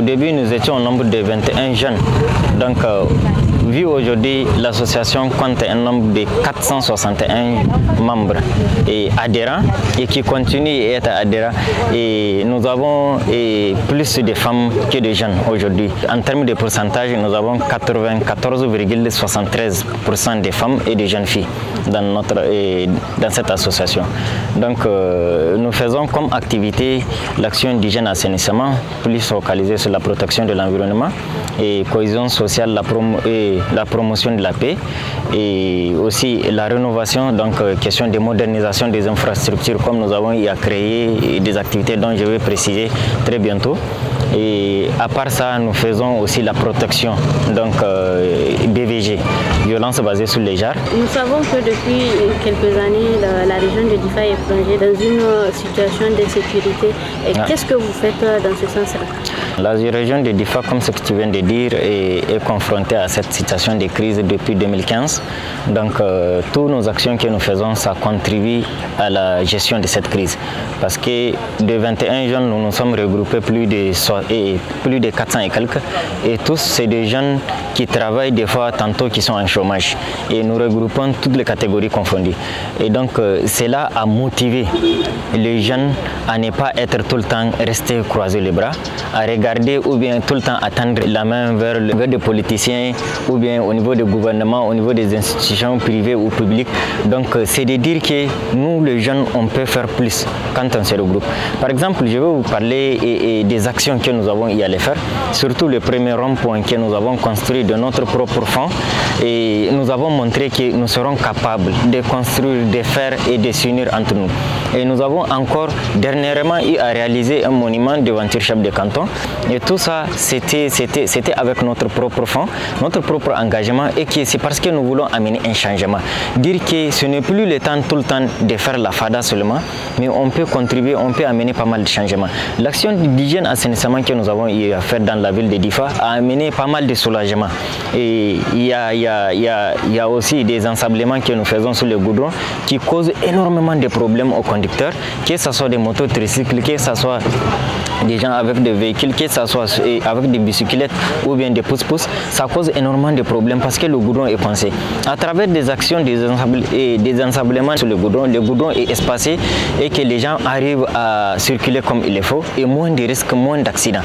Au début, nous étions au nombre de 21 jeunes. Donc, euh, vu aujourd'hui, l'association compte un nombre de 461 membres et adhérents et qui continuent à être adhérents. Et nous avons plus de femmes que de jeunes aujourd'hui. En termes de pourcentage, nous avons 94,73% des femmes et des jeunes filles dans, notre, dans cette association. Donc, euh, nous faisons comme activité l'action du jeune assainissement, plus focalisée sur la protection de l'environnement et cohésion sociale la promotion la promotion de la paix et aussi la rénovation, donc euh, question de modernisation des infrastructures comme nous avons y a créé des activités dont je vais préciser très bientôt. Et à part ça, nous faisons aussi la protection, donc euh, BVG, violence basée sur les jarres. Nous savons que depuis quelques années, la, région de Difa est plongée dans une situation d'insécurité. Et ah. Qu'est-ce que vous faites euh, dans ce sens-là la région de Difa, comme ce que tu viens de dire, est, confrontée à cette situation de crise depuis 2015. Donc, euh, toutes nos actions que nous faisons, ça contribue à la gestion de cette crise. Parce que de 21 jeunes, nous nous sommes regroupés plus de, 400 et quelques. Et tous, c'est des jeunes qui travaillent des fois, tantôt qui sont en chômage. Et nous regroupons toutes les catégories confondues. Et donc, euh, cela a motivé les jeunes à ne pas être tout le temps restés croisés les bras, à regarder ou bien tout le temps attendre la main vers, le, vers des politiciens ou bien au niveau du gouvernement, au niveau des institutions privées ou publiques. Donc euh, c'est de dire que nous, les jeunes, on peut faire plus quand on se regroupe. Par exemple, je vais vous parler des actions que nous avons y aller faire, surtout le premier rond-point que nous avons construit de notre propre fond et nous avons montré que nous serons capables de construire, de faire et de s'unir entre nous. Et nous avons encore dernièrement eu à réaliser un monument devant le de canton et tout ça, c'était avec notre propre fond, notre propre engagement et que c'est parce que nous voulons amener un changement. Dire que ce n'est plus le temps tout le temps de faire la FADA seulement, mais on peut contribuer, on peut amener pas mal de changements. L'action d'hygiène assainissement que nous avons eu à faire dans la ville de Difa a amené pas mal de soulagement. Et il y a, il y y aussi des ensemblements que nous faisons sur le goudron qui causent énormément de problèmes aux conducteurs, que ce soit des motos tricycles, que ce soit des gens avec des véhicules, que ce soit avec des bicyclettes ou bien des pouces-pouces, ça cause énormément de problèmes parce que le goudron est pensé. À travers des actions des, et des ensablements sur le goudron, le goudron est espacé et que les gens arrivent à circuler comme il le faut et moins de risques, moins d'accidents.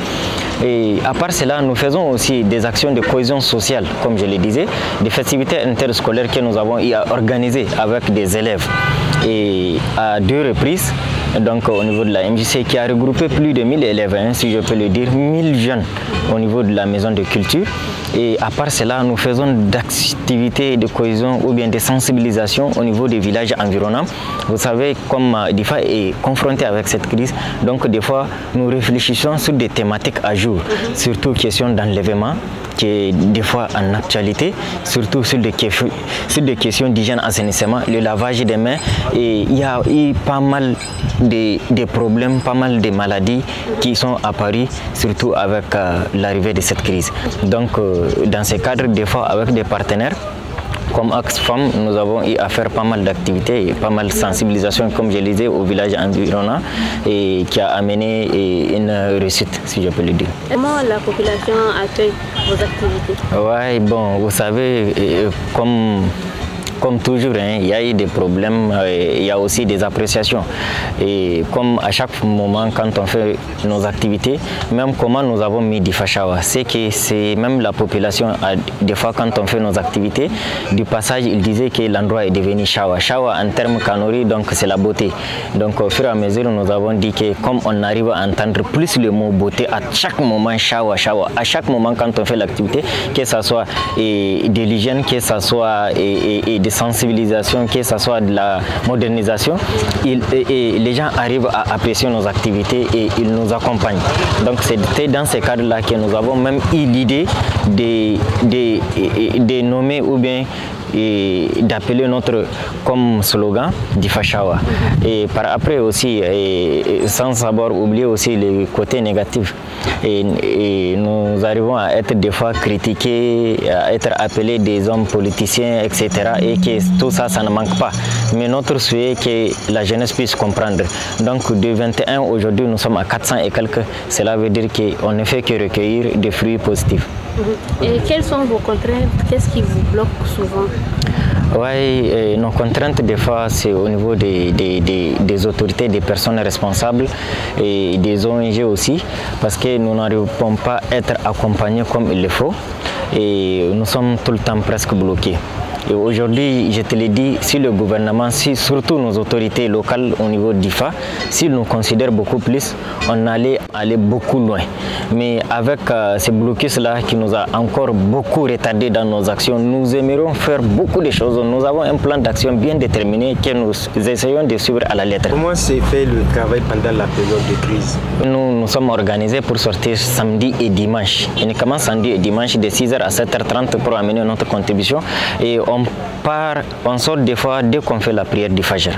Et à part cela, nous faisons aussi des actions de cohésion sociale, comme je le disais, des festivités interscolaires que nous avons organisées avec des élèves. Et à deux reprises, donc au niveau de la MJC qui a regroupé plus de 1000 élèves, hein, si je peux le dire, 1000 jeunes au niveau de la maison de culture. Et à part cela, nous faisons d'activités de cohésion ou bien de sensibilisation au niveau des villages environnants. Vous savez, comme euh, DIFA est confronté avec cette crise, donc des fois nous réfléchissons sur des thématiques à jour, surtout question d'enlèvement qui est des fois en actualité, surtout sur des, questions d'hygiène, assainissement, le lavage des mains. Et il y a eu pas mal de, problèmes, pas mal de maladies qui sont apparues, surtout avec euh, l'arrivée de cette crise. Donc, euh, dans ce cadre, des fois, avec des partenaires, comme Axe Femmes, nous avons eu à faire pas mal d'activités, pas mal de sensibilisation, comme je le disais, au village environnant, et qui a amené une réussite, si je peux le dire. Comment la population accueille vos activités Oui, bon, vous savez, comme comme toujours, hein, il y a eu des problèmes, euh, il y a aussi des appréciations. Et comme à chaque moment, quand on fait nos activités, même comment nous avons mis du Fachawa, c'est que c'est même la population, des fois quand on fait nos activités, du passage, ils disaient que l'endroit est devenu Shawa. Shawa en termes canori, donc c'est la beauté. Donc au fur et à mesure, nous avons dit que comme on arrive à entendre plus le mot beauté à chaque moment, Shawa, Shawa, à chaque moment quand on fait l'activité, que ce soit et, de l'hygiène, que ce soit et, sensibilisation, que ce soit de la modernisation, les gens arrivent à apprécier nos activités et ils nous accompagnent. Donc c'était dans ce cadre-là que nous avons même eu l'idée de nommer ou bien et d'appeler notre comme slogan Fashawa Et par après aussi, sans avoir oublié aussi les côtés négatifs. Et, nous arrivons à être des fois critiqués, à être appelés des hommes politiciens, etc. Et que tout ça, ça ne manque pas. Mais notre souhait est que la jeunesse puisse comprendre. Donc de 21 aujourd'hui, nous sommes à 400 et quelques. Cela veut dire qu'on ne fait que recueillir des fruits positifs. Et quelles sont vos contraintes Qu'est-ce qui vous bloque souvent oui, euh, nos contraintes, des fois, c'est au niveau des, autorités, des personnes responsables et des ONG aussi, parce que nous n'arrivons pas à être accompagnés comme il le faut et nous sommes tout le temps presque bloqués aujourd'hui, je te l'ai dit, si le gouvernement, si surtout nos autorités locales au niveau d'IFA, s'ils nous considèrent beaucoup plus, on allait aller beaucoup loin. Mais avec euh, ce blocus-là qui nous a encore beaucoup retardé dans nos actions, nous aimerions faire beaucoup de choses. Nous avons un plan d'action bien déterminé que nous essayons de suivre à la lettre. Comment s'est fait le travail pendant la période de crise Nous nous sommes organisés pour sortir samedi et dimanche, uniquement samedi et dimanche de 6h à 7h30 pour amener notre contribution. Et on part, on sort des fois dès qu'on fait la prière du Fajr.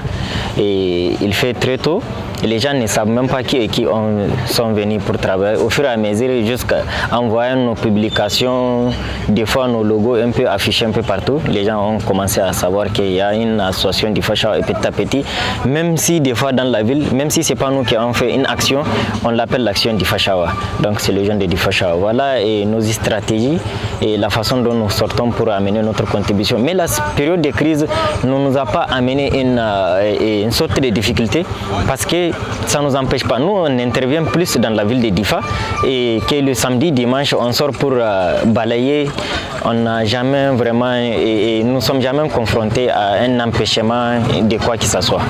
Et il fait très tôt, les gens ne savent même pas qui et qui ont, sont venus pour travailler. Au fur et à mesure, jusqu'à envoyer nos publications, des fois nos logos un peu affichés un peu partout, les gens ont commencé à savoir qu'il y a une association du et petit à petit, même si des fois dans la ville, même si c'est pas nous qui avons fait une action, on l'appelle l'action du Fachawa. Donc c'est le gens de du Voilà et nos stratégies et la façon dont nous sortons pour amener notre contribution. Mais la période de crise ne nous a pas amené une, euh, une sorte de difficulté parce que ça ne nous empêche pas. Nous, on intervient plus dans la ville de Difa et que le samedi, dimanche, on sort pour euh, balayer. On n'a jamais vraiment, et, nous sommes jamais confrontés à un empêchement de quoi que ce soit.